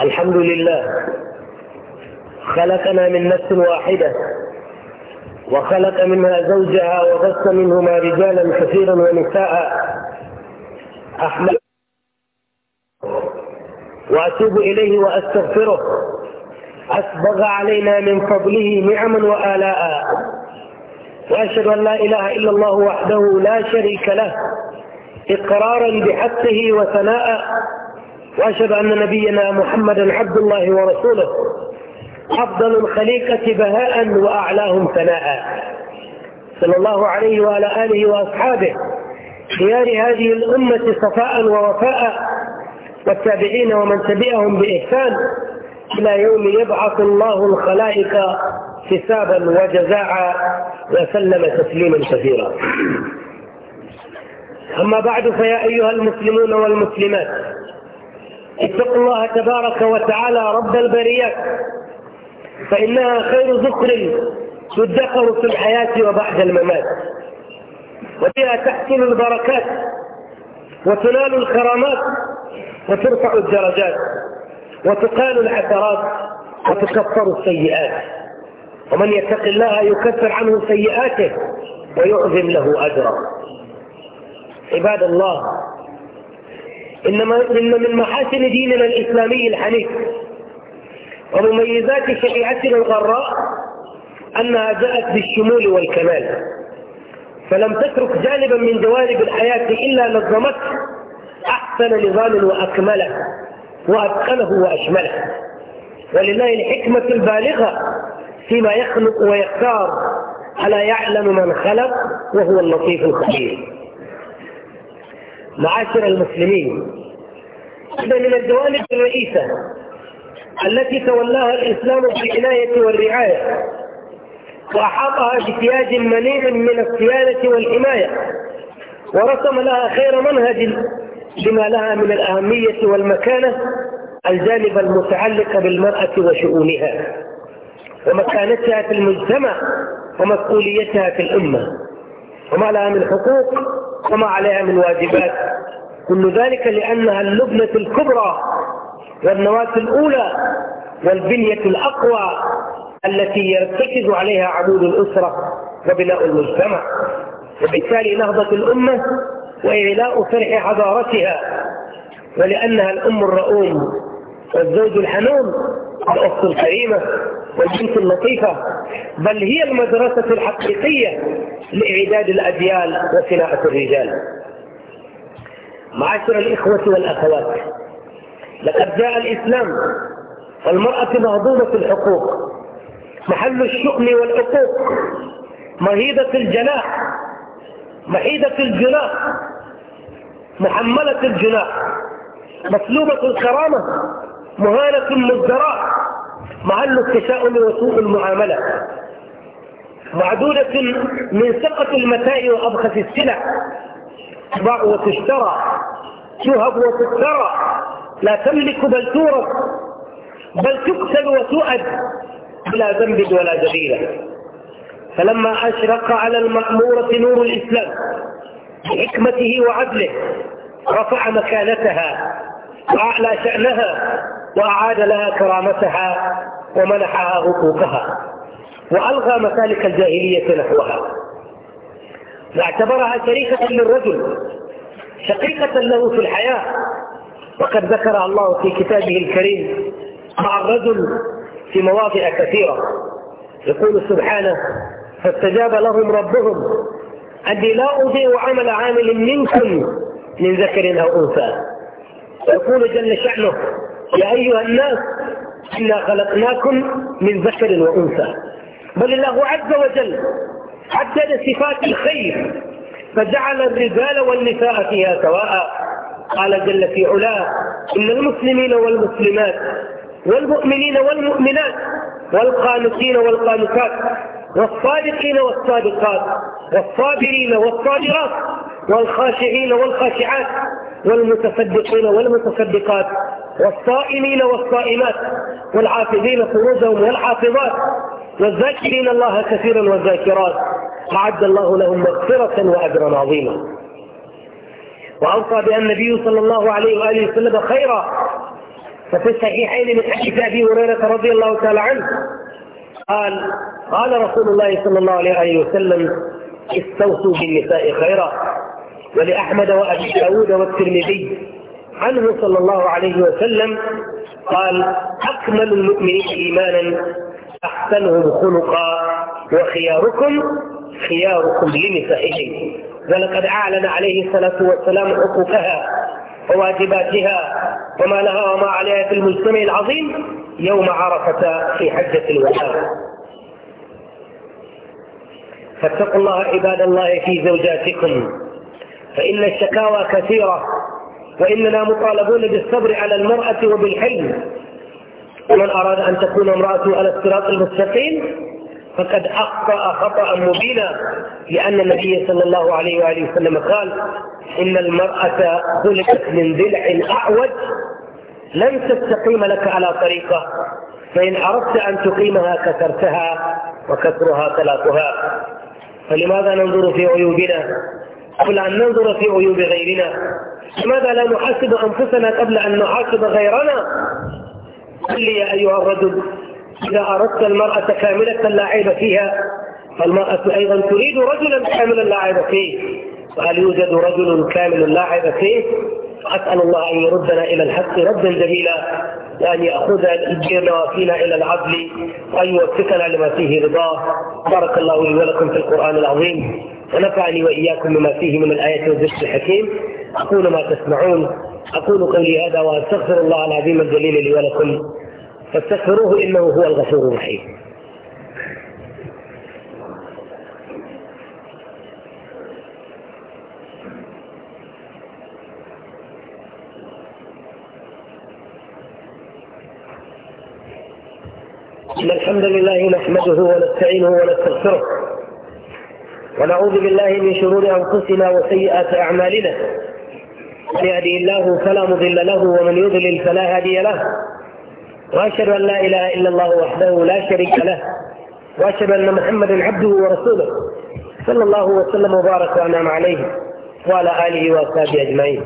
الحمد لله خلقنا من نفس واحدة وخلق منها زوجها وبث منهما رجالا كثيرا ونساء أحمد وأتوب إليه وأستغفره أسبغ علينا من فضله نعما وآلاء وأشهد أن لا إله إلا الله وحده لا شريك له إقرارا بحقه وثناء واشهد ان نبينا محمدا عبد الله ورسوله افضل الخليقه بهاء واعلاهم ثناء صلى الله عليه وعلى اله واصحابه خيار هذه الامه صفاء ووفاء والتابعين ومن تبعهم باحسان الى يوم يبعث الله الخلائق حسابا وجزاعا وسلم تسليما كثيرا اما بعد فيا ايها المسلمون والمسلمات اتقوا الله تبارك وتعالى رب البريات فإنها خير ذكر تدخر في الحياة وبعد الممات وبها تحصل البركات وتنال الكرامات وترفع الدرجات وتقال العثرات وتكفر السيئات ومن يتق الله يكفر عنه سيئاته ويعظم له أجرا عباد الله إنما إن من محاسن ديننا الإسلامي الحنيف ومميزات شريعتنا الغراء أنها جاءت بالشمول والكمال فلم تترك جانبا من جوانب الحياة إلا نظمته أحسن نظام وأكمله وأتقنه وأشمله ولله الحكمة البالغة فيما يخلق ويختار ألا يعلم من خلق وهو اللطيف الخبير معاشر المسلمين واحدة من الجوانب الرئيسة التي تولاها الإسلام بالعناية والرعاية وأحاطها بسياج منيع من الصيانة والحماية ورسم لها خير منهج لما لها من الأهمية والمكانة الجانب المتعلق بالمرأة وشؤونها ومكانتها في المجتمع ومسؤوليتها في الأمة وما لها من حقوق وما عليها من واجبات كل ذلك لأنها اللبنة الكبرى والنواة الأولى والبنية الأقوى التي يرتكز عليها عمود الأسرة وبناء المجتمع وبالتالي نهضة الأمة وإعلاء فرح حضارتها ولأنها الأم الرؤوم والزوج الحنون الأخت الكريمة والبنت اللطيفة بل هي المدرسة الحقيقية لإعداد الأجيال وصناعة الرجال معاشر الإخوة والأخوات لقد جاء الإسلام والمرأة مهضومة الحقوق محل الشؤم والحقوق مهيدة الجناح محيدة الجناح محملة الجناح مسلوبة الكرامة مهانة مزدراء معل التشاؤم وسوء المعاملة معدودة من ثقة المتاع وأبخس السلع تباع وتشترى تهب وتكترى لا تملك بل تورث بل تقتل وتؤد بلا ذنب ولا دليل فلما أشرق على المأمورة نور الإسلام بحكمته وعدله رفع مكانتها وأعلى شأنها وأعاد لها كرامتها ومنحها حقوقها وألغى مسالك الجاهلية نحوها واعتبرها شريكة للرجل شقيقة له في الحياة وقد ذكر الله في كتابه الكريم مع الرجل في مواضع كثيرة يقول سبحانه فاستجاب لهم ربهم أني لا أضيع عمل عامل منكم من ذكر أو أنثى ويقول جل شأنه يا أيها الناس إنا خلقناكم من ذكر وأنثى بل الله عز وجل حدد صفات الخير فجعل الرجال والنساء فيها سواء قال جل في علاه إن المسلمين والمسلمات والمؤمنين والمؤمنات والقانتين والقانتات والصادقين والصادقات والصابرين والصابرات والخاشعين والخاشعات والمتصدقين والمتصدقات والصائمين والصائمات والعافظين فروجهم والحافظات والذاكرين الله كثيرا والذاكرات أعد الله لهم مغفرة وأجرا عظيما وأوصى بها النبي صلى الله عليه وآله وسلم خيرا ففي الصحيحين من حديث أبي هريرة رضي الله تعالى عنه قال قال رسول الله صلى الله عليه وآله وسلم استوصوا بالنساء خيرا ولأحمد وأبي داود والترمذي عنه صلى الله عليه وسلم قال أكمل المؤمنين إيمانا أحسنهم خلقا وخياركم خياركم لنسائهم ولقد أعلن عليه الصلاة والسلام حقوقها وواجباتها وما لها وما عليها في المجتمع العظيم يوم عرفة في حجة الوداع فاتقوا الله عباد الله في زوجاتكم فإن الشكاوى كثيرة وإننا مطالبون بالصبر على المرأة وبالحلم ومن أراد أن تكون امرأته على الصراط المستقيم فقد أخطأ خطأ مبينا لأن النبي صلى الله عليه وآله وسلم قال إن المرأة خلقت من ضلع أعوج لن تستقيم لك على طريقة فإن أردت أن تقيمها كسرتها وكسرها ثلاثها فلماذا ننظر في عيوبنا قل أن ننظر في عيوب غيرنا لماذا لا نحاسب أنفسنا قبل أن نحاسب غيرنا قل لي يا أيها الرجل إذا أردت المرأة كاملة لا عيب فيها فالمرأة أيضا تريد رجلا كاملا لا عيب فيه وهل يوجد رجل كامل لا عيب فيه أسأل الله أن يردنا إلى الحق ردا جميلا وأن يأخذ الجنة فينا إلى العدل وأن يوفقنا لما فيه رضاه بارك الله لي ولكم في القرآن العظيم ونفعني وإياكم بما فيه من الآية والذكر الحكيم أقول ما تسمعون أقول قولي هذا وأستغفر الله العظيم الجليل لي ولكم فاستغفروه إنه هو الغفور الرحيم إن الحمد لله نحمده ونستعينه ونستغفره ونعوذ بالله من شرور أنفسنا وسيئات أعمالنا من يهدي الله فلا مضل له ومن يضلل فلا هادي له وأشهد أن لا إله إلا الله وحده لا شريك له وأشهد أن محمدا عبده ورسوله صلى الله وسلم وبارك وأنعم عليه وعلى آله وأصحابه أجمعين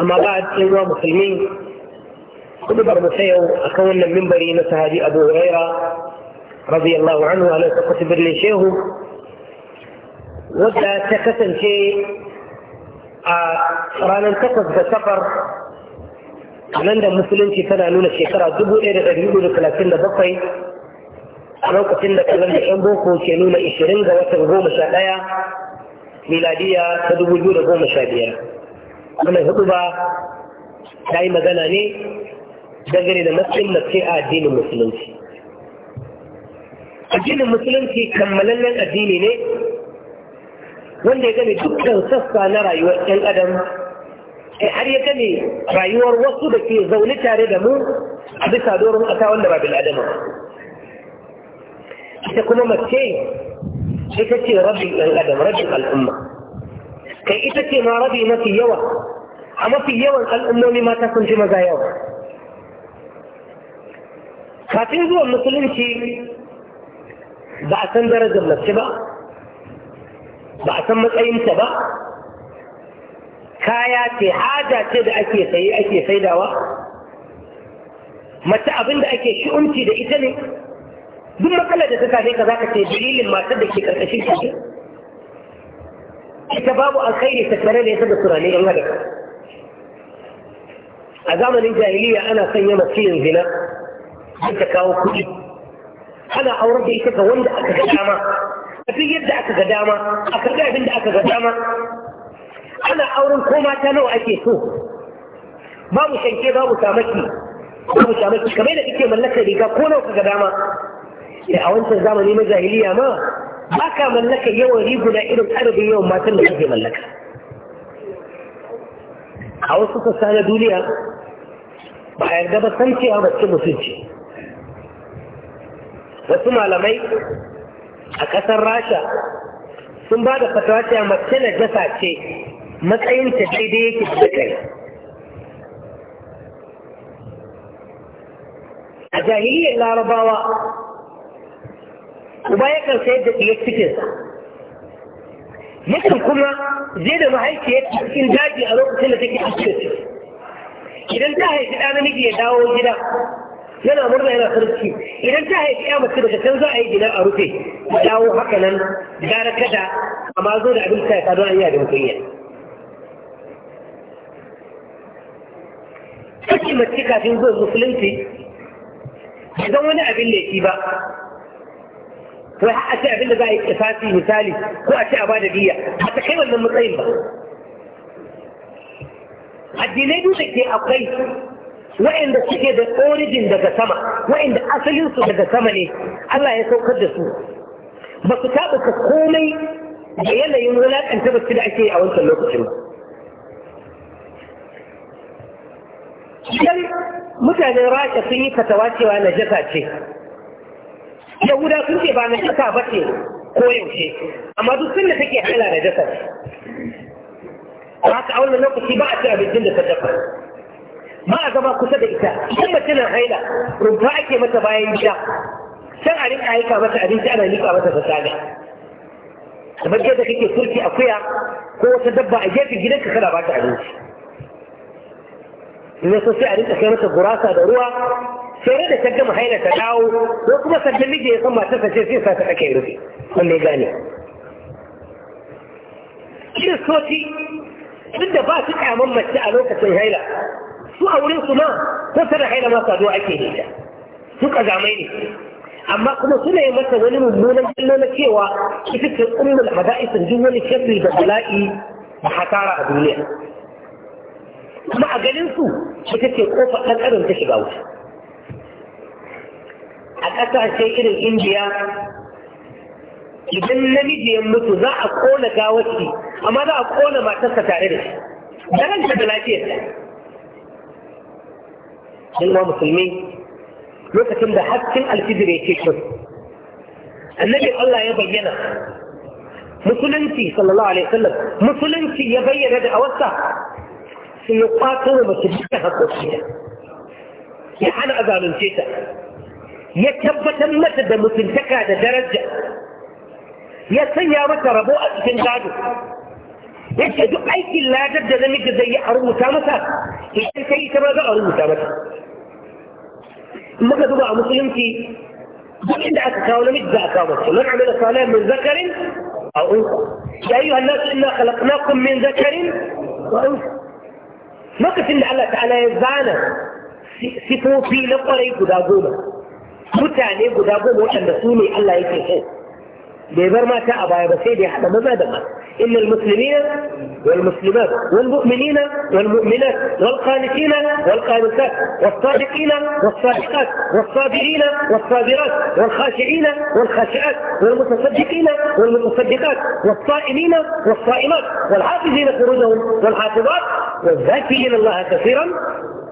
أما بعد أيها المسلمين كل برمسيو أكون من بري نسى أبو هريرة رضي الله عنه ألا تقصد لي شيخه wadda ta kasance a ranar takwas da safar nan da musulunci tana nuna shekara dubu ɗaya da ɗari hudu da talatin da bakwai a lokacin da kalan da ɗan boko ke nuna ishirin ga watan goma sha ɗaya miladiya ta dubu biyu da goma sha biyar wannan hudu ba ta yi magana ne dangane da matsayin mace a addinin musulunci addinin musulunci kammalallen addini ne wanda ya gane dukkan sassa na rayuwar ɗan adam sai har ya gane rayuwar wasu da ke zaune tare da mu a bisa doron ƙasa wanda ba bil adama ita kuma mace ita ce rabin ɗan adam rabin al'umma kai ita ce ma rabi mafi yawa a mafi yawan al'ummomi mata sun fi maza yawa kafin zuwan musulunci ba a san darajar mace ba ba a san matsayinta ba kaya ce haja ce da ake saye ake saidawa mace abin da ake shi'unci da ita ne duk matsalar da ta same ka za ka ce dalilin matar da ke karkashin ka ce ita babu alkhairi ta tare da ita da turane yan hada a zamanin jahiliya ana sanya mace yin zina don ta kawo kuɗi ana aurar da ita ga wanda aka ga dama duk yadda aka ga dama a karɓi abin da aka ga dama ana auren ko mata nawa ake so babu shanke babu samaki babu samaki kamar da kake mallakar riga ko nawa ka ga dama sai a wancan zamani na jahiliya ma ba ka mallaka yawan riguna irin adadin yawan matan da kake mallaka a wasu sassa na duniya ba a yarda ba san cewa mace mutunci wasu malamai a ƙasar rasha sun ba da fatawa cewa mace na jasa ce matsayin daidai yake da kai a jahiliyar larabawa uba yakan sayar da ɗiyar cikinsa yakan kuma zai da mahaifiyar cikin daji a lokacin da take cikin idan ta haifi ɗan namiji ya dawo gida yana murna yana sarki idan ta haifi ya mace daga can za a yi gina a rufe ya dawo haka nan gara kada amma zo da abin ta ya kado an yi abin kunya kake mace kafin zuwa musulunci idan wani abin laifi ba wai a ce abin da za a yi kisasi misali ko a ce a ba da biya a ta kai wannan matsayin ba addinai duk da ke akwai wa'inda suke da origin daga sama wa'inda asalinsu daga sama ne Allah ya saukar da su ba su ka komai da yanayin wulaƙanta ba da ake a wancan lokacin ba idan mutanen rasha sun yi fatawa cewa na jasa ce yahuda sun ce ba na jasa ba ce ko yaushe amma duk sun da take hala na jasa ba a wannan lokaci ba a ce abincin da ta dafa ba a zama kusa da ita idan mace na haila rumfa ake mata bayan gida can a rinka aika mata abinci ana nika mata fasada kamar yadda kake turki akuya ko wata dabba a gefen gidanka kana ba ta abinci in so sai a rinka kai mata gurasa da ruwa sai da ta gama haila ta dawo ko kuma sannan miji ya san matarsa ce sai sa ta ake rufe wanda ya gane kiristoci duk da ba su kyaman mace a lokacin haila su a wurin kuma ma ko tana haina ma saduwa ake nita su kazamai ne amma kuma suna yi mata wani mummunan kallo na cewa ita ce ummul hada'isin duk wani shafi da bala'i da hasara a duniya kuma a ganin su ita ce kofa ɗan ƙarin ta shiga wuta a ƙasashe irin indiya idan namiji ya mutu za a ƙona gawarsa amma za a ƙona matarsa tare da shi daren da عشان هو مسلمين لكن ده حكم الفيدريشن النبي قال لها يبينها مسلمتي صلى الله عليه وسلم مسلمتي يبين هذا أوسع سنقاط هو مسلمتي هكوشية يحانا أبعل الشيطة يتبه تمت بمسلمتك هذا درجة يسيّا وتربو أسفن جاده يشهدوا أي كلا جد لم يجد زي أرمو تامسا إذا كي تبادل أرمو مجد بقى مسلمتي جميل دعاكا ولا ميت دعاكا من عمل صالح من ذكر أو أنسى يا أيها الناس إنا خلقناكم من ذكر وأنسى ما قلت إن الله تعالى يزعنا سفو في لقى ليه قدابونا متى عنه قدابونا وشان رسولي الله يكيحه بيبر ما تأبا يا بسيدي حدا ما ما دمت إن المسلمين والمسلمات والمؤمنين والمؤمنات والقانتين والقانتات والصادقين والصادقات والصابرين والصابرات والخاشعين والخاشعات والمتصدقين والمتصدقات والصائمين والصائمات والحافظين فروجهم والحافظات والذاكرين الله كثيرا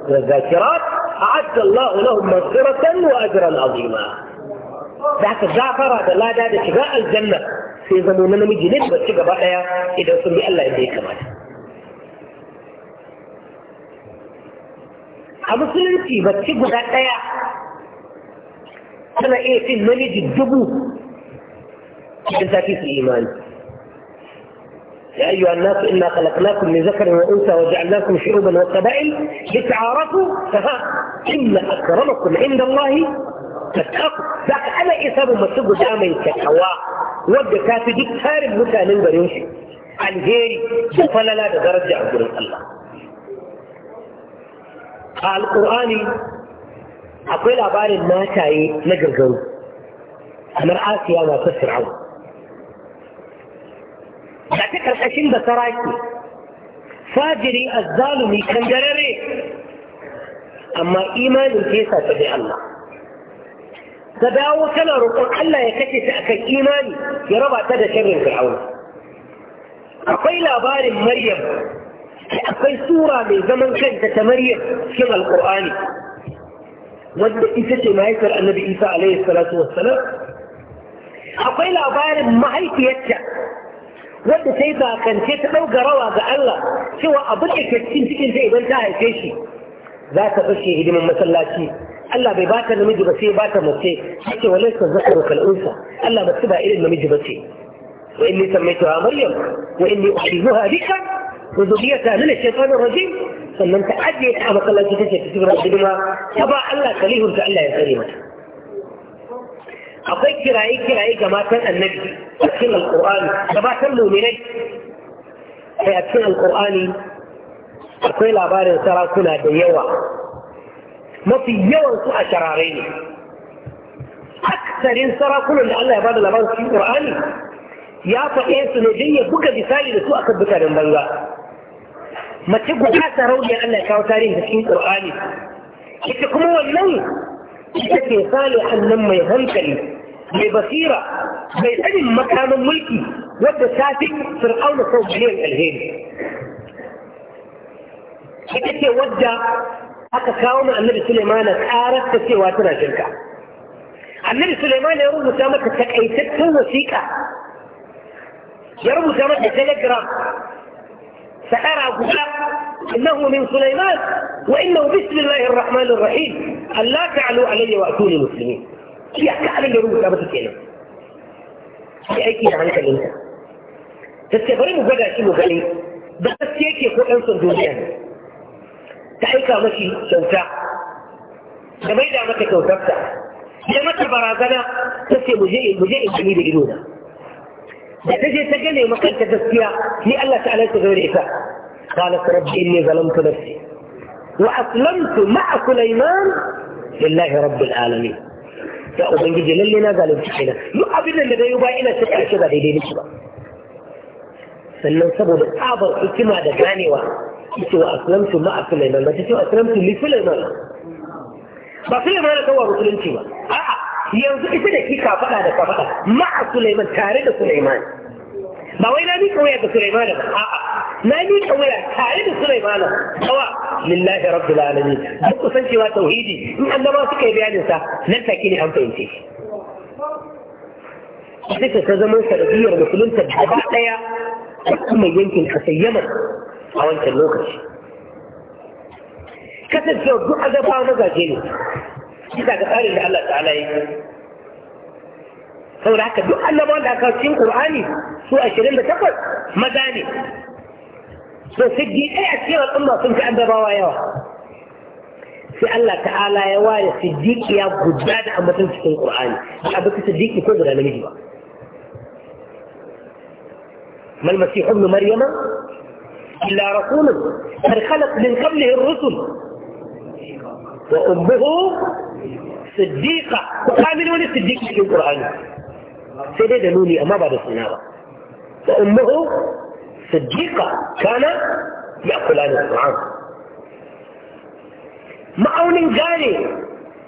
والذاكرات أعد الله لهم مغفرة وأجرا عظيما da aka gafara da lada da shiga aljanna sai zamo na namiji ne ba ci gaba ɗaya idan sun bi Allah yadda ya kamata a musulunci ba ci guda ɗaya tana iya cin namiji dubu idan ta fi su imani يا أيها الناس إنا خلقناكم من ذكر وأنثى وجعلناكم شعوبا وقبائل لتعارفوا فها إن أكرمكم عند الله تتقوا za ka ana iya samun mace guda mai kyakkyawa, wadda ta fi duk tarin mutanen garin shi alheri da falala da daraja a gurin Allah a alƙur'ani akwai labarin mataye na gargaru kamar asiya masu fir'aun da ta karkashin da saraki fajiri azzalumi kangarare amma imanin ke ta bi Allah تداو كلا رقم ألا يكفي تأكل إيمان يربع تدا شر فرعون أقي لابار مريم أقي سورة من زمن كانت مريم في القرآن ودك ستي ما يسر النبي إيسى عليه الصلاة والسلام أقي لابار ما هي تيتك ودك سيدا كان كيت أو قروا بألا سوى أبنك كتين تكين زي بنتها الكيشي ذات فشي هدي من مسلاتي ألا بباتا نمجي بسي بات مسي حتى وليس الذكر كالأنثى ألا بكتبها إلى نمجي بسي وإني سميتها مريم وإني أحرمها بك وذبيتها من الشيطان الرجيم فلن تعدي أحبك الله جدا تتبرى بدما تبع الله كليه أنت يا يكريم أقول كرائي كرائي كما كان النبي أكل القرآن تبع كله من أي أكل القرآن أقول أبارك سراكنا ديوه mafi yawan su a sharare ne aksarin sarakunan da Allah ya bada labarin cikin Qur'ani ya faɗe su ne don ya buga misali da su akan mutanen banza mace guda sarauniyar Allah ya kawo tarihi cikin Qur'ani ita kuma wannan ita ke salihan nan mai hankali mai basira mai sanin makamin mulki wadda ta fi fir'auna sau biliyan alheri ita ce wadda aka kawo mu annabi Sulaimana karar ta cewa tana shirka. Annabi Sulaimana ya rubuta mata takaitaccen wasiƙa. Ya rubuta mata telegram. Sa'ara guda innahu min Sulaiman wa innahu bismillahi ar rahim Allah ta'alu alayya wa atuni muslimin. Ya ka alayya rubuta mata kenan. Ki aiki da mu gwada shi mu gani. Da gaskiya ko ɗan son duniya تحيكه مكي سوتا لما يدع مكي سوتا لما تبرا قنا تسي مجيء مجيء حميد جنونا تجي تجني مكي تسكيا لألا تعليك غير إفا قالت ربي إني ظلمت نفسي وأسلمت مع سليمان لله رب العالمين يا أبن جي للي نازل بشحنا يؤمن الذي يبايئنا شكرا شبا ديني شبا sannan saboda tsabar hikima da ganewa ita wa aslamtu ma'a Sulaiman ba ta ce aslamtu li Sulaiman ba Sulaiman da kawo musulunci ba a'a yanzu ita da ki kafaɗa da kafaɗa ma'a Sulaiman tare da Sulaiman ba wai na miƙa waya da Sulaiman ba a'a na miƙa waya tare da Sulaiman kawa lillahi rabbil alamin duk kusancewa tauhidi in annaba suka yi bayanin sa nan take ne an fahimce shi duka ta zama sanadiyar musulunta gaba ɗaya الأم يمكن حسيمت أول تلوكش كتب في الضوء هذا بقى مدى جيني إذا كفاري اللي الله تعالى فهو إيه؟ لحكا الضوء ألا ما لا كاتين قرآني سوء الشرين بتقل مداني فسجي أي إيه أسير الأمة سنك أبا بوا يوا في الله تعالى يوا يسجيك يا بجاد أما سنك القرآن أبا كتب ديك يكون غير نجوا ما المسيح ابن مريم إلا رسول قد خلت من قبله الرسل وأمه صديقة وكامل ولي الصديق في القرآن سيدي دلولي أما بعد الصناعة وأمه صديقة كان يأكلان القرآن ma'aunin gane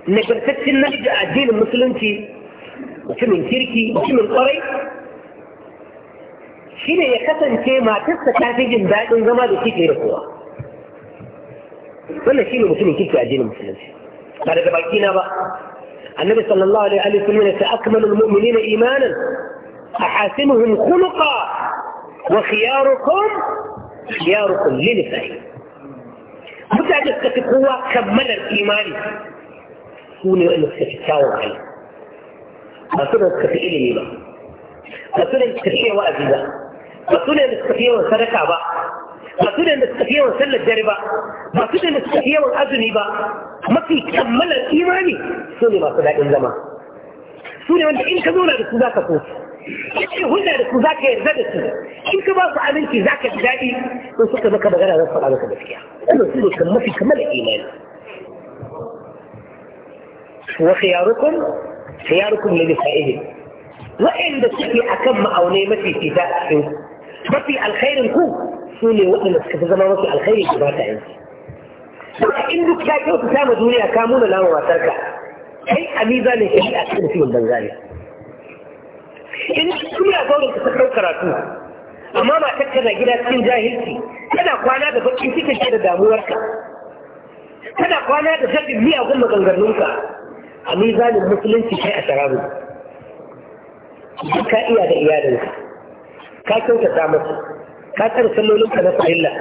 الدين المسلم في وفي من تركي وفي من قري shine ya kasance matarsa ta fi jin daɗin zama da shi fiye da kowa wannan shi ne mutumin kirki jinin musulunci ba daga baki na ba annabi sallallahu alaihi wa sallam ta akmalu almu'minina imanan ahasimuhum khuluqa wa khiyarukum khiyarukum lil nisa'i mutane suka fi kowa kammalar imani su ne wanda suka fi kyawun hali ba su da suka fi ilimi ba ba su da suka fi wa'azi ba ba su ne da suka fi yawan sadaka ba ba su ne da suka fi yawan sallar dare ba ba su ne da suka fi yawan azumi ba mafi kammalar imani su ne masu daɗin zama su ne wanda in ka zauna da su za ka so in ka hulɗa da su za ka yarda da su in ka ba su aminci za ka ji daɗi in suka maka magana za su faɗa maka gaskiya wannan su ne mafi kammalar imani وخياركم خياركم لنسائهم waɗanda suke a kan ma'aunai mafi fita a cikin mafi alkhairin ku su ne waɗanda suka fi zama mafi alkhairin ku ba ta yanki in duk ta kyautu ta ma duniya ka muna nama matarka kai a miza ne shi a cikin filin banza ne in duniya zaune ka ta kai karatu amma matar tana gida cikin jahilci tana kwana da bakin cikin da damuwarka tana kwana da jaɗin miyagun maganganunka a mizanin musulunci kai a sharabu ka iya da iyalinka كاتن كتامس كاتن سلو لك نسع الله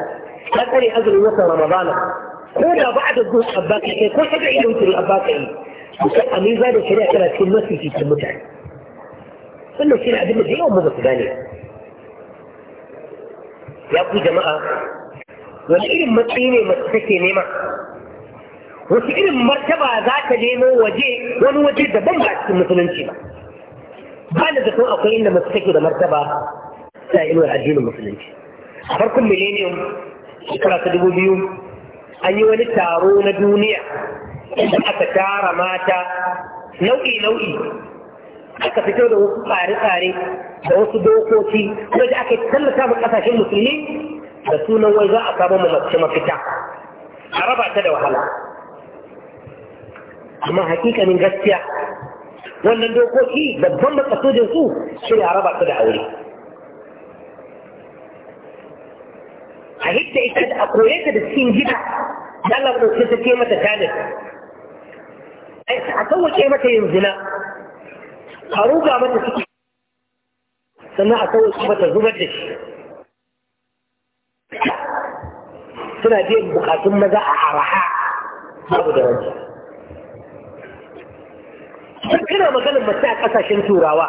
كاتن أجل نسع رمضان كل بعد الظهر أباك إيه كل حد عيد وانتر الأباك إيه وكان أمين زاد الشريعة كلا تكون مسي في المتع سلو الشريعة دي مجيئة ومضى ثانية يا أبو جماعة والإلم مطيني مستكي نيمة wasu irin martaba za ka nemo waje wani waje daban ba cikin musulunci ba ba da zaton akwai inda masu take da martaba ta inuwar addinin musulunci a farkon millennium shekara ta dubu biyu an yi wani taro na duniya inda aka tara mata nau'i-nau'i aka fito da wasu tsare-tsare da wasu dokoki wanda aka tallata ma kasashen musulmi da sunan wai za a samu mace mafita a raba ta da wahala amma hakikanin gaskiya wannan dokoki babban matsasojin su shi ne a raba ta da aure a hidda ita a kore ta da cikin gida da Allah ɗauke ta ke mata talib a sauwaƙe mata yin zina a ruga mata ciki sannan a sauwaƙe mata zubar da shi suna da bukatun maza a araha babu da wani ina maganin mace a ƙasashen turawa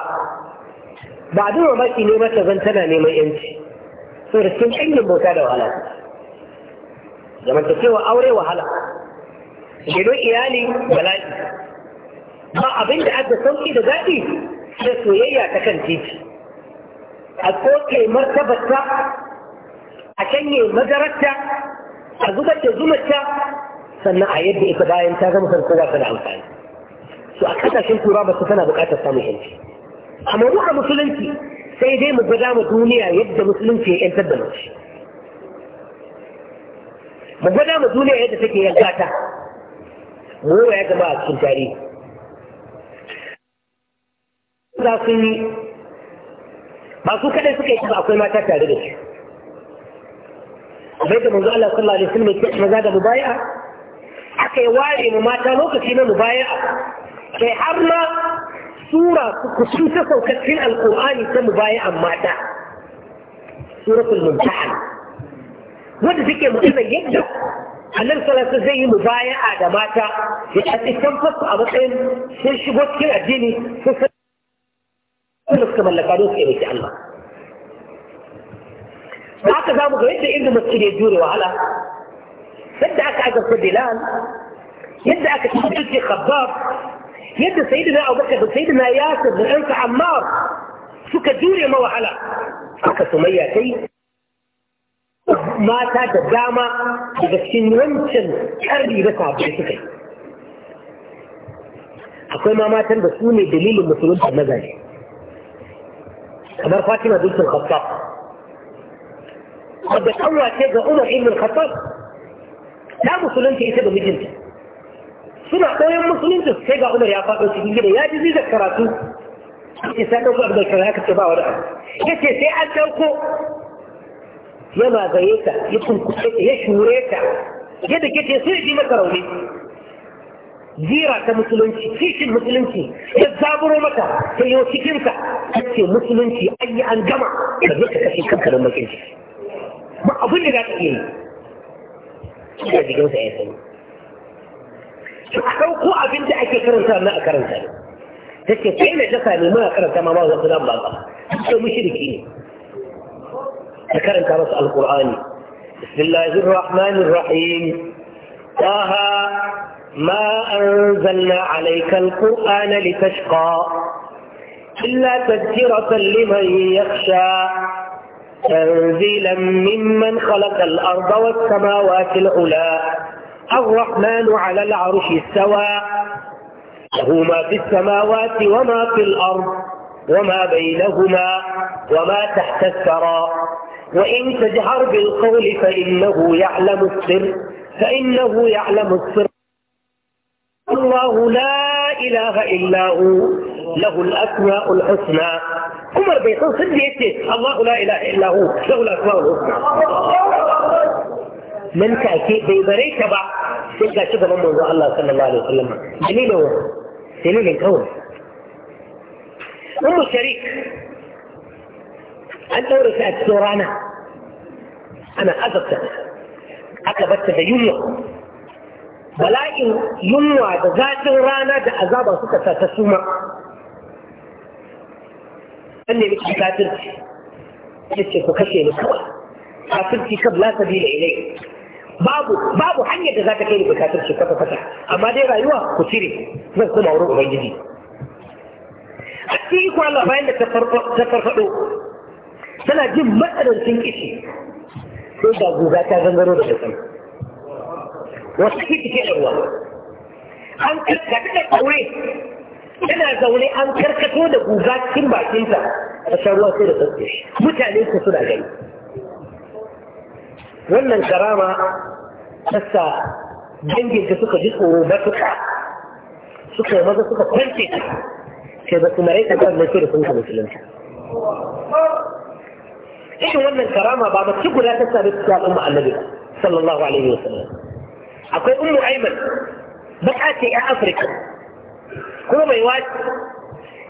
ba abin mamaki ne mata zan tana neman yanci تصير السم حمل بوتاده وهلاك لما تسيوا أوري وهلاك جلو إيالي بلاجي ما أبين أدى سم إذا ذاتي سيسو إيا تكن تيجي أكوك مرتبة أكني مدرسة أزوجة زمتة سنة عيد بإتباين تاغم خلقها في العمتان سو أكتا شنتو رابط سنة بقاتا سامي أما روح مسلمتي sai dai mu gwada ma duniya yadda musulunci ya yantar da mace mu gwada ma duniya yadda take yanka ta mu yi ya gama a cikin tarihi za su yi ba su suka yi ba akwai mata tare da shi. bai da manzo Allah sallallahu alaihi wasallam ya ce maza da mubaya'a aka yi ware mu mata lokaci na mubaya'a sai har ma سورة خصوصا كثير القرآن يسمى باية أم ماتا سورة الممتحن وده ذكي مكانا يبدو أن الصلاة زي مباية آدماتا لحد يتنفس أبطين سيشبوت كل أديني سيشبوت ولكن يقولون ان الله يقولون ان الله يقولون ان الله يد سيدنا أبو بكر سيدنا ياسر بن أنس عمار سك الدور يا موحلا فك سمية كي ماتا بس يبسين ومشن كاري بس عبد سكي أقول ما ماتا بسوني دليل المسلم في المزاني أمر فاتمة بنت الخطاب قد أول شيء عمر ابن الخطاب لا مسلم في إسابة مجنته suna koyon musulunci sai ga umar ya faɗo cikin gida ya ji zizar karatu ya sa ɗauko abu da kan haka ce ba wani abu ya ce sai an ɗauko ya magaye ta ya kunkuɗe ta ya shure ta yadda ke ce sai ji maka rauni Zira ta musulunci cikin musulunci ya zaburo mata ta yi cikinka ta ce musulunci an yi an gama da zai ka kashe kanka da makin ba abin da za ka iya yi. Ina jikinsa ya sani. أحوقوا أبنت أي كرنتا ما أكرنتا تكي تين جسا من ما أكرنتا ما ماذا قد أبلا الله تكي مشركين أكرنتا رسع القرآن بسم الله الرحمن الرحيم طه ما أنزلنا عليك القرآن لتشقى إلا تذكرة لمن يخشى تنزيلا ممن خلق الأرض والسماوات العلى الرحمن على العرش استوى له ما في السماوات وما في الأرض وما بينهما وما تحت الثرى وإن تجهر بالقول فإنه يعلم السر فإنه يعلم السر الله لا إله إلا هو له الأسماء الحسنى عمر بيقول اللي الله لا إله إلا هو له الأسماء الحسنى من كأكي بيبريك با سيكا شفا الله صلى الله عليه وسلم دليل هو دليل الكون أم الشريك أنا أزبت أكل بس ولكن يوم هذا ذات سورانة أزابا سكا ساتسوما أني مش بكاتر لسه فكشي نسوى لا سبيل إليه babu babu hanyar da za ta kai ni bukatar shi kwata kwata amma dai rayuwa ku cire zan kuma wurin ubangiji a cikin iko Allah bayan da ta farfado tana jin matsanancin kishi sai ga guga ta zangaro da kai wasu kiki ke da ruwa an karkata da kaure tana zaune an karkato da guga cikin bakinta a shan ruwa sai da tsaske mutane su suna gani wannan karama sassa dangin da suka ji tsoro matuƙa suka yi maza suka kwance sai ba su marai ta kan mutu da sun ka musulunta irin wannan karama ba mace guda ta sami ta umma annabi sallallahu alaihi wa sallam akwai ummu aiman baka ce yan afirka kuma mai wace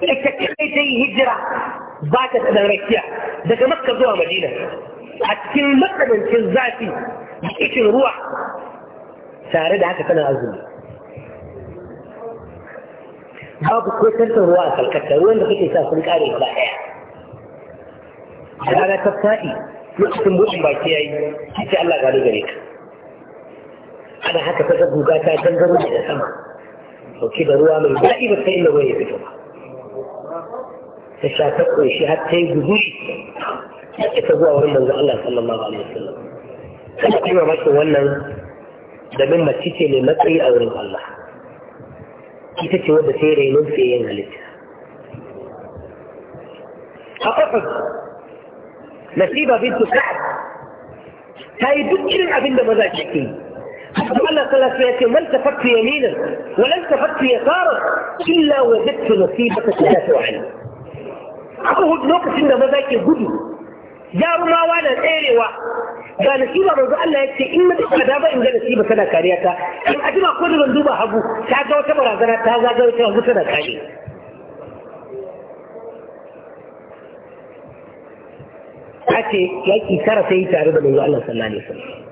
ita kai ta yi hijira ba ta tsanarakkiya daga makka zuwa madina a cikin matsanancin zafi da cikin ruwa tare da haka tana azumi babu ko tantan ruwa a kalkata ruwan da kake sa sun kare ba daya rana ta fadi lokacin buɗin baki yayi sai Allah gano gare ka ana haka ta ga guga ta dangaro da sama sauke da ruwa mai daɗi ba sai inda wani ya fito ba ta sha ta ƙoshi har ta yi guzuri ya kika zuwa wurin manzo Allah sallallahu alaihi wasallam kada ku mamakin wannan domin mace ce mai matsayi a wurin Allah ita ce wadda sai rainon sai yin halitta a ƙasar nasiba bintu sa'ad ta yi duk irin abin da maza ke yi kuma Allah sallallahu ya ce man tafattu yaminan wa lan tafattu yasara illa wajadtu nasibaka tadatu alayhi abu lokacin da maza ke gudu jarumawa na tserewa ga nasiba manzo Allah ya ce in na duka da ba in ga nasiba tana kariya ta in ajima ko da ban duba hagu ta ga wata barazana ta zaga wata hagu tana kare ta ce yaƙi tara sai yi tare da manzo Allah sallallahu alaihi wasallam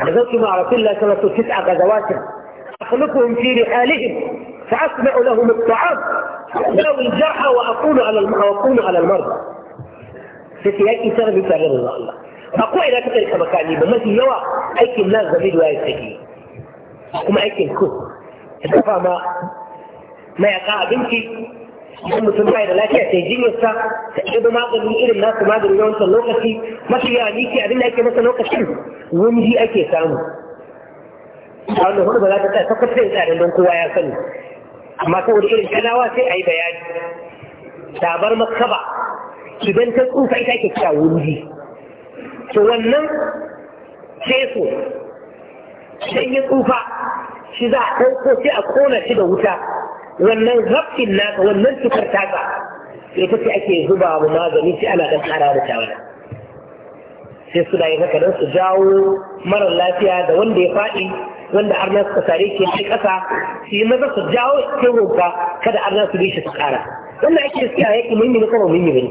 غزوت مع رسول الله صلى الله عليه وسلم تسع غزوات اخلقهم في رحالهم فاصنع لهم الطعام ولو الجرحى واكون على واكون على المرضى sai sai yaƙi ta rabi tare da Allah ba ko ina ka tsarka makami ba mafi yawa aikin nan game da ya take kuma aikin ku ta dafa ma mayaƙa abinci idan mutum bai da lafiya sai jinyarsa ta ɗiba magani irin nasu magani na wancan lokaci mafi yawa ni ke abin da ake masa lokacin wani ake samu a wannan hudu ba za ta tsaya ta kwasa tsarin don kowa ya sani amma saboda irin kanawa sai a yi bayani tabar makaba idan ta tsufa ita ke cewa wuri, to wannan ceso sai ya tsufa shi za a ɗauko sai a kona shi da wuta wannan zafin naka wannan tukar taka ita ce ake zuba wa magani sai ana ɗan ƙara da shawara sai suna yin haka don su jawo marar lafiya da wanda ya faɗi wanda arna suka sare ke kai ƙasa su yi maza su jawo cikin rumfa kada arna su bi shi su ƙara wannan ake siya yaƙi muhimmi ne kuma muhimmi ne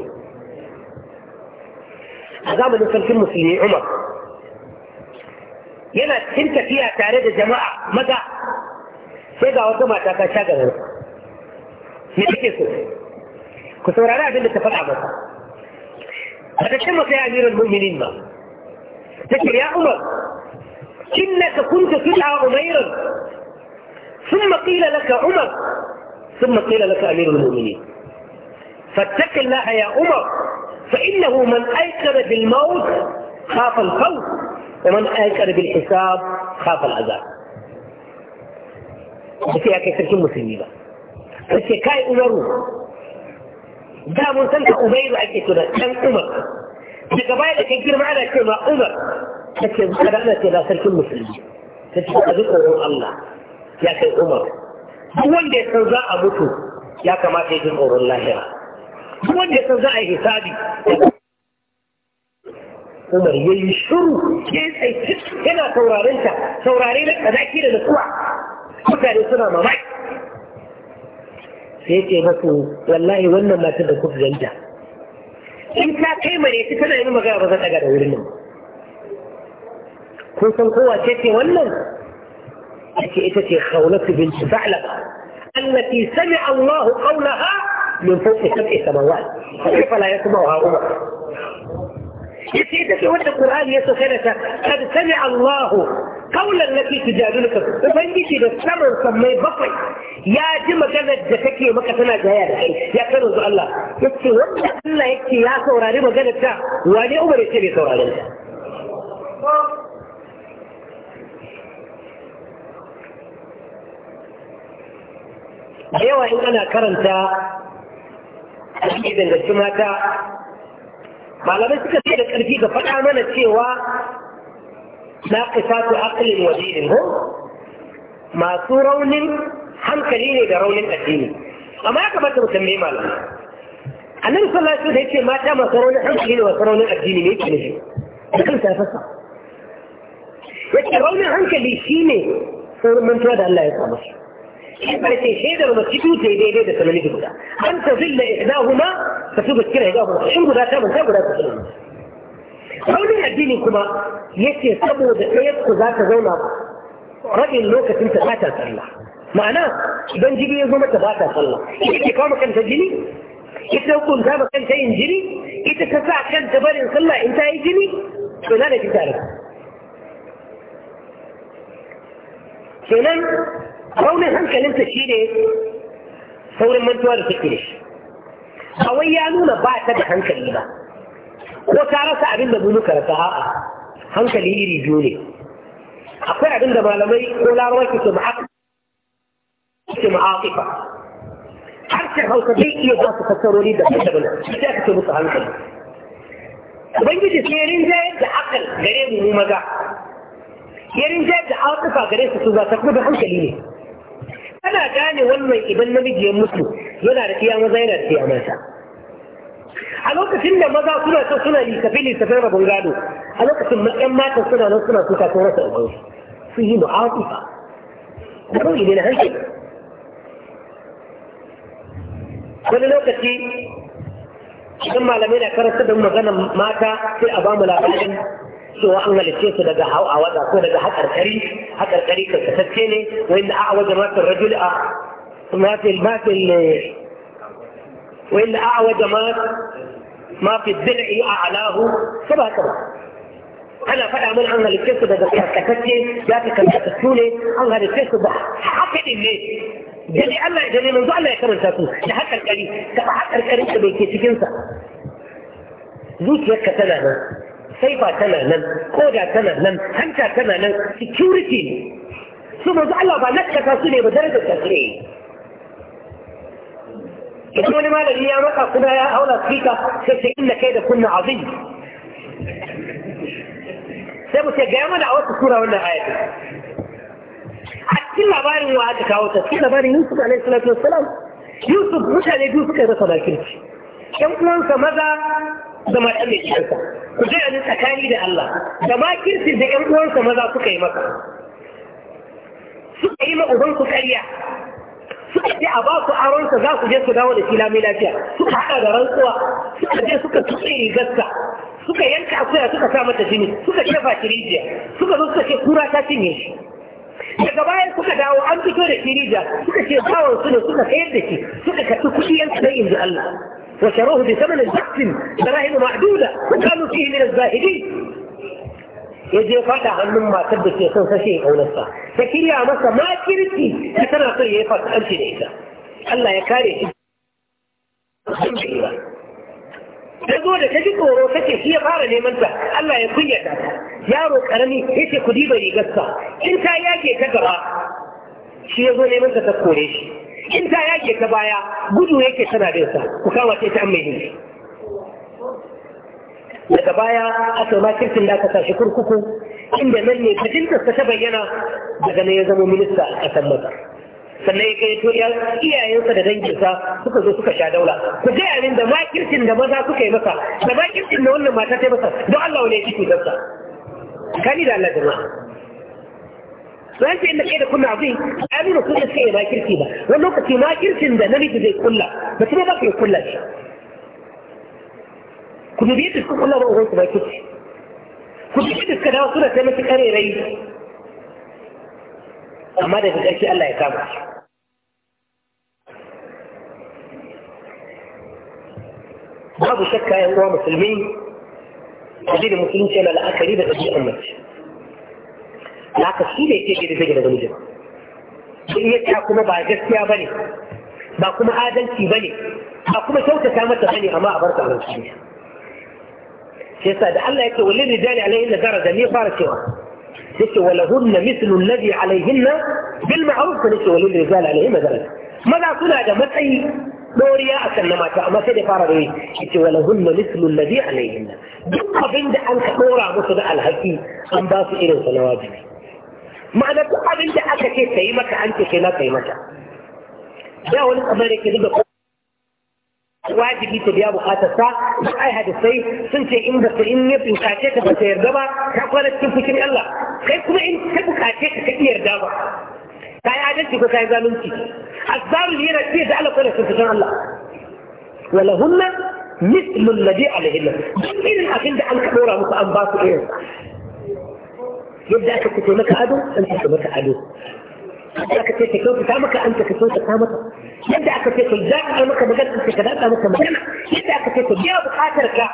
هزام الإنسان في المسلمين عمر يلا انت فيها تعريض الجماعة مدى سيدا وطمع تاكا شاكا هنا نتكي سوف كسور على عدل التفاق عمر هذا شما في أمير المؤمنين ما تشير يا عمر إنك كنت تدعى عميرا ثم قيل لك عمر ثم قيل لك أمير المؤمنين فاتق الله يا عمر فإنه من أيقن بالموت خاف الخوف ومن أيقن بالحساب خاف العذاب وفيها كثير من المسلمين بس كاي أمرو دا من سنة أبيض كان أمر daga baya da kan girma ana cewa umar take zuwa ana ce na sarkin musulmi ta ce a zuƙorin Allah ya kai umar duk wanda ya za a mutu ya kamata ya ji tsoron lahira duk wanda ya san za a yi hisabi Umar ya yi shuru ya tsaye yana sauraren ta saurare na kazaki da nutsuwa mutane suna mamaki sai ce masu wallahi wannan matar da kuka ganta in ta kai mare ta tana yi magana ba zan daga da wurin nan kun san kowa ce ce wannan ake ita ce khawlatu binti ba'laba allati sami'a Allahu qawlaha من فوق سبع سماوات فكيف لا يسمعها امم إذا تقول القرآن يا سخنك قد سمع الله قولا التي تجادلك وبنجي في السر سمي بطي يا جم كان الجفك يوم كتنا جهاد يا كان رضو الله يكي وقت الله يكفي يا صوراني مجال الجا واني أمري سبي صوراني أيوة إن أنا كرمت ake ƙarfi mata malamai suka ce da ƙarfi ga faɗa mana cewa na kisatu waje wajirin ho masu raunin hankali ne da raunin addini amma ya kamata mutum ne malamai annabi sallallahu alaihi wasallam yace mata masu raunin hankali ne masu raunin addini ne yake nufi da kansa ya fasa yace raunin hankali shine sun mantuwa da Allah ya samu shi كلمتين شيء لما تجدوا زي دي دي ده ثمانية جدا أن تظل إحداهما فتذكر إحداهما شنو ذا كامل كامل ذا كامل قولي الدين كما يكي سبو دقيق ذاك زونا رجل لوكة انت ما تصلى معناه إذا جيبي يزوم انت ما تصلى يكي كما كان تجيني ita hukunta ba كان yin jini ita ta كان kanta barin انت in ta yi jini to na raunin hankalinta shi ne saurin mantuwa da take da shi ba wai ya nuna ba ta da hankali ba ko ta rasa abin da mu rasa a'a hankali iri biyu ne akwai abin da malamai ko larabar ke su ma'aƙifa harshen hausa zai iya ba su fassarori da daban sai aka ce musu hankali ubangiji sai rinjayar da akal gare mu maza ya rinjayar da aƙifa gare su su za ta kuma da hankali ne ana gane wannan idan namiji ya mutu yana da iya maza yana da iya mata a lokacin da maza suna so suna lissafi lissafin rabin gado a lokacin matsayin matan suna nan suna tuka sun rasa ubansu sun yi mu'afifa da rauni ne na hankali wani lokaci idan malamai na karanta da magana mata sai a ba mu labarin cewa an halicce su daga hawada ko daga haƙarƙari haƙarƙari karkatacce ne wanda a wajen matar rajul a matil matil wanda a wajen ma ma fi dil'i a alahu saba saba ana faɗa mana an halicce su daga karkatacce ya fi karkatattu ne an halicce su ba haka ɗin ne dani Allah ya dani manzo Allah ya karanta su da haƙarƙari ka ba haƙarƙarin da bai ke cikinsa zuciyarka tana nan سيطع كما لم قوجع كما لم همتع كما لم سيكوريتي ثم الله بعد لك تصيني بدرجة تسريه إذا ما لدي يا مكة كنا يا أولا فيك سيسئلنا كيدا كنا عظيم سيبو سيجامل أولا تسورة ولا عادة حتى الله باري وعدك أولا تسكي الله باري يوسف عليه الصلاة والسلام يوسف مش عليه يوسف كيدا صلاة كيدا يوسف ماذا da ɗan da gidansa ku je a tsakani da Allah da ma kirsi da ƴan uwansa maza suka yi maka suka yi ma uban ku ƙarya suka je a ba su aronsa za ku je su dawo da filami lafiya suka haɗa da rantsuwa suka je suka tutse rigarsa suka yanka akuya suka sa mata jini suka ce ba kirijiya suka zo suka ce kura ta cinye shi daga baya suka dawo an fito da kirijiya suka ce bawon su ne suka sayar da shi suka karɓi kuɗi yansu don inji Allah وشروه بثمن بخس دراهم معدوده كانوا فيه من الزاهدين yaje ya faɗa hannun matar da ke son sashe ƙaunarsa ta kirya masa ma kirki tana son ya yi fasikanci da ita Allah ya kare shi ta zo da ta ji tsoro ta ce shi ya fara neman ta Allah ya kunya ta yaro ƙarami ya ce ku diba rigarsa in ta yake ta gaba shi ya zo neman ta ta kore shi in ta yage ta baya gudu yake tana da sa ku kama ce ta mai Da daga baya aka makircin da aka tashi kurkuku inda nan ne ka ta bayyana daga nan ya zama minista a ƙasar masar sannan ya kai to iyayensa da danginsa suka zo suka sha daula ku ga yayin da makircin da maza suka yi masa da makircin da wannan mata ta yi masa don Allah wani ya ci cutarsa kani da Allah jama'a ran ce inda kai da kunna abin an nuna kuɗin sai ya makirci ba wani lokaci makircin da namiji zai kulla ba kuma ba ka yi kulla shi ku dubi yadda suka kulla ba uwan su makirci ku dubi yadda suka dawo suna ta masu karerai amma daga ƙarshe Allah ya kama shi babu shakka yan uwa musulmi addinin musulunci yana la'akari da ɗabi'ar mace da haka shi ne ke da zai daga mijin in ya ta kuma ba gaskiya ba ne ba kuma adalci ba ne ba kuma kyautata mata ba ne amma a bar ta ne shi yasa da Allah yake walil rijali alaihin da daraja ne fara cewa yake walahunna mislu alladhi alaihinna bil ma'ruf ne yake walil rijali alaihin daraja maza suna da matsayi doriya a kan na mata amma sai da fara da yake walahunna mislu alladhi alaihinna duk abin da an ka dora musu da alhaki an ba su irin sa na wajibi ma'ana duk abin da aka ce ka yi maka an ce kai ma ka yi maka da wani kamar da ke zuba wajibi ta biya bukatar sa duk ai hadisai sun ce in baka in ya bukace ka ba ta yarda ba ka kwana cikin fushin Allah kai kuma in ka bukace ka ka yarda ba ka yi adalci ko ka yi zalunci azzalul yana ce da Allah kwana cikin fushin Allah wala hunna mislul ladhi alaihi duk irin abin da an ka dora muku an ba su irin يبدأ كتير لك عدو أنت كتير عدو يبدأ كتير كتير تامك أنت كتير تامك يبدأ كتير كذا أمك بجد أنت تكون أمك مجد يبدأ كتير لك أبو أنت تكون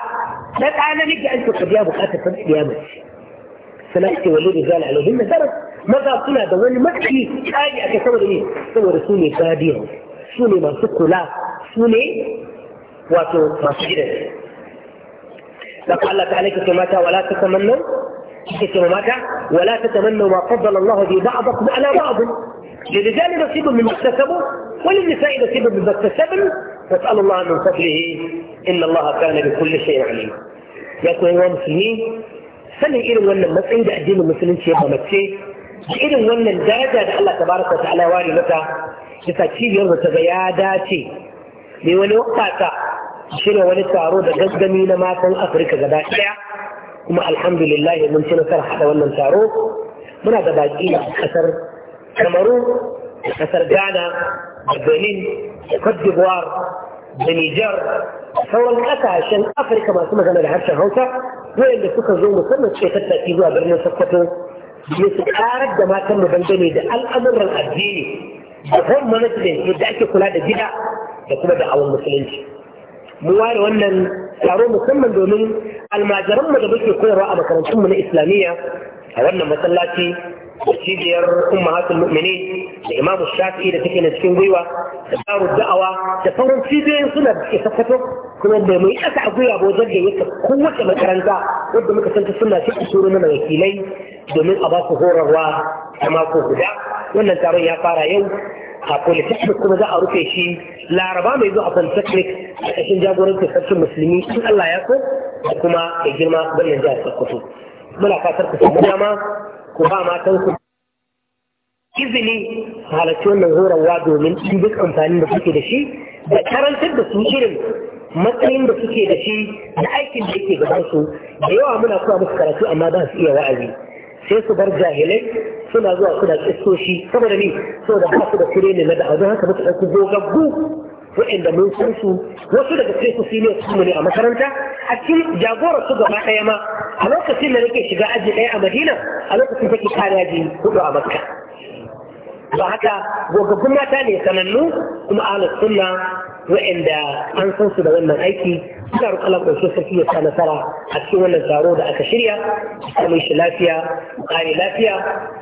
لك تعالى نجد أنت كذا أبو خاطر كذا يا لك سلامت ولدي قال على ذم درس ما قال سنا دوان ما في أي أكثر من سوى رسولي فاديهم سوني ما سكوا لا سوني واتو ما سجدت لقد الله تعالى كتماتا ولا تتمنوا استثماماتها ولا تتمنوا ما فضل الله به بعضكم على بعض للرجال نصيب مما اكتسبوا وللنساء نصيب مما اكتسبن نسال الله من فضله ان الله كان بكل شيء عليما ya kuma yawa musulmi sanin irin wannan matsayi da addinin musulunci ya mace da irin wannan daraja da Allah tabaraka ta'ala ya ware mata bisa cibiyar ta ga ya dace ne wani wakata shirya wani taro da gaggami na matan Afirka gaba ɗaya kuma alhamdulillah mun ci nasarar haɗa wannan taro muna da baƙi a ƙasar kamaru da ƙasar ghana da benin da cote d'ivoire da niger sauran ƙasashen afirka masu magana da harshen hausa wayanda suka zo musamman suke tattaki zuwa birnin sokoto domin su ƙarar da matan mu dangane da al'amuran addini da home management yadda ake kula da gida da kuma da'awar musulunci mu ware wannan taro musamman domin almajiran mu da muke koyarwa a makarantun mu na islamiyya a wannan masallaci da cibiyar umma hatul mu'mini da imamu shafi'i da take na cikin gwiwa da daru da'awa da sauran cibiyoyin suna da ke tabbatar kuma da mai aka a gwiwa ba wajen gayyata kowace makaranta wadda muka santa suna cikin suru na wakilai domin a ba su horarwa a mako guda wannan taron ya fara yau a polytechnic kuma za a rufe shi laraba mai zuwa polytechnic a ƙashin jagorancin sarkin musulmi in Allah ya so da kuma da girma gwamnan jihar Sokoto muna fatar ku samu dama ku ba matan ku izini halarci wannan horarwa domin in duk amfanin da suke da shi da karantar da su irin matsayin da suke da shi da aikin da yake gaban su da yawa muna kuma musu karatu amma za su iya wa'azi sai su bar jahilai suna zuwa suna kistoshi saboda ni saboda ba su da kure ne na da'a don haka muka ɗauki gogaggu waɗanda mun san su wasu daga cikin su ne su ne a makaranta a cikin jagorar su gaba ɗaya ma a lokacin da nake shiga aji ɗaya a Madina a lokacin take kare aji hudu a Makka ba haka gogaggun mata ne sanannu kuma ahlus sunna wa'anda an san su da wannan aiki suna roƙon Allah ɗauke sarki ya sa nasara a cikin wannan taro da aka shirya samun shi lafiya ƙare lafiya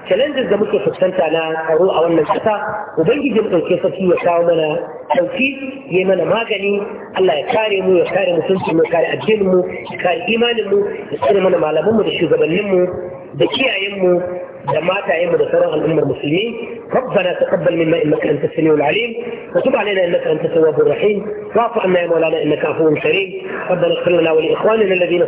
challenges da muke fuskanta na tsaro a wannan ƙasa ubangiji mu ɗauke sarki ya kawo mana sauki ya yi mana magani Allah ya kare mu ya kare mutunci mu ya kare addinin mu ya kare imanin mu ya tsare mana malamanmu mu da shugabannin da kiyayen جماعة أئمة الفرق الأمة المسلمين ربنا تقبل منا إنك أنت السميع العليم وتب علينا إنك أنت التواب الرحيم واعف عنا يا مولانا إنك عفو كريم ربنا اغفر لنا ولإخواننا الذين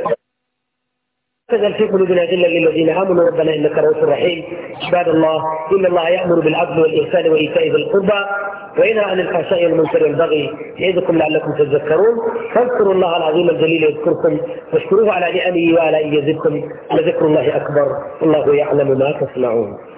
تجعل في قلوبنا الا للذين امنوا ربنا انك رؤوف رحيم عباد الله ان الله يامر بالعدل والاحسان وايتاء ذي القربى وينهى عن الفحشاء والمنكر والبغي يعظكم لعلكم تذكرون فاذكروا الله العظيم الجليل يذكركم واشكروه على نعمه وعلى ان يزدكم لذكر الله اكبر الله يعلم ما تصنعون